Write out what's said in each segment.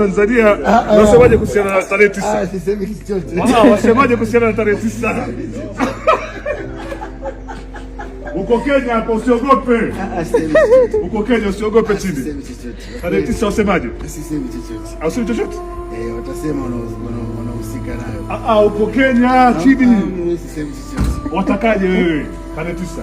Tanzania wasemaje ah, ah. kuhusiana na tarehe tisa? Ah, sisemi chochote. Wasemaje kuhusiana na tarehe tisa? Uko Kenya hapo, usiogope. Uko Kenya usiogope chini. Tarehe tisa wasemaje? Sisemi chochote. Ausemi chochote? Eh, watasema wanahusika nayo. Ah, uko Kenya chini. Watakaje wewe tarehe tisa?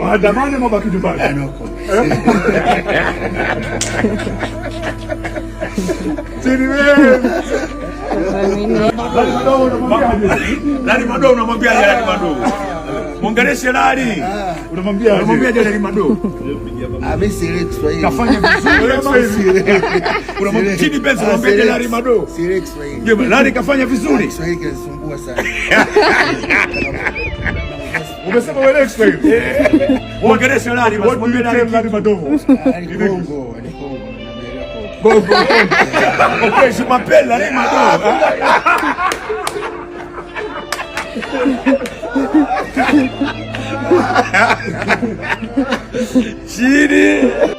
waandamane mabaki nyumbani. Eh, eh? Lali madogo unamwambia lali madogo. Mwongeleshe lali. Unamwambia unamwambia lali madogo. Amesi ah, Kafanya vizuri. Unamwambia pesa ah, unamwambia lali madogo. Si ile kafanya vizuri? Kiswahili kinasumbua sana. Umesema wewe Kiswahili. Muongelee Shalali basi mwambie nani nani madogo. Ni yaani Bongo, ni yaani Bongo. Bongo. Okay, je m'appelle eh, la madogo. Chini.